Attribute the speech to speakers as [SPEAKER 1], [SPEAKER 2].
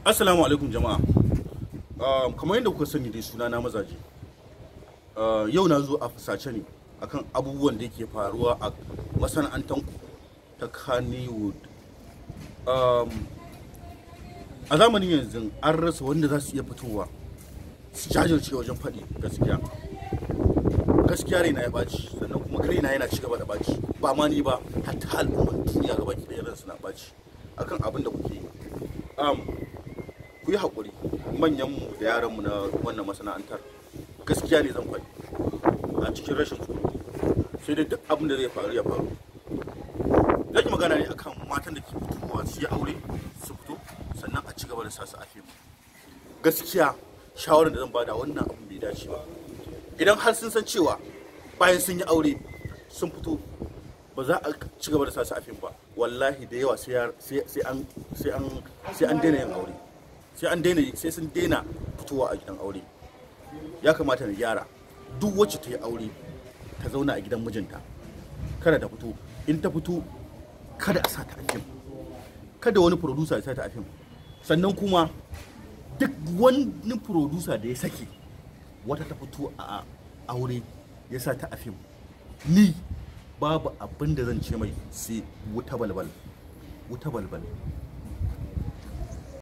[SPEAKER 1] Assalamu alaikum jama'a. Um, kamar yadda kuka sani dai suna na mazaje. Uh, yau na zo a fasace ne akan abubuwan da yake faruwa a masana'antar ta Kannywood. Um, a zamanin yanzu an rasa wanda za su iya fitowa su jajirce wajen faɗi gaskiya. Gaskiya raina ya baci, sannan kuma raina yana ci gaba da baci. ba ma ni ba hatta al'ummar duniya gaba ki ɗaya suna baci akan abin da kuke yi. Um, ku yi haƙuri manyanmu da yaranmu na wannan masana'antar gaskiya ne zan faɗi a cikin rashin tsoro sai dai duk abin da zai faru ya faru zan yi magana ne akan matan da ke fitowa su yi aure su fito sannan a ci gaba da sasu a fim
[SPEAKER 2] gaskiya shawarar da zan
[SPEAKER 1] bada wannan abin bai dace ba idan har sun san cewa bayan sun yi aure sun fito ba za a ci gaba da sasu a fim ba wallahi da yawa sai an daina yin aure sai an daina sai sun daina fitowa a gidan aure ya kamata na gyara duk wacce ta yi aure ta zauna a gidan mijinta kada ta fito in ta fito kada a sa ta a fim kada wani producer ya sa ta a fim sannan kuma duk wani producer da ya sake wata ta fito a aure ya sa ta a fim ni babu abin da zan ce mai sai wuta balbal wuta balbal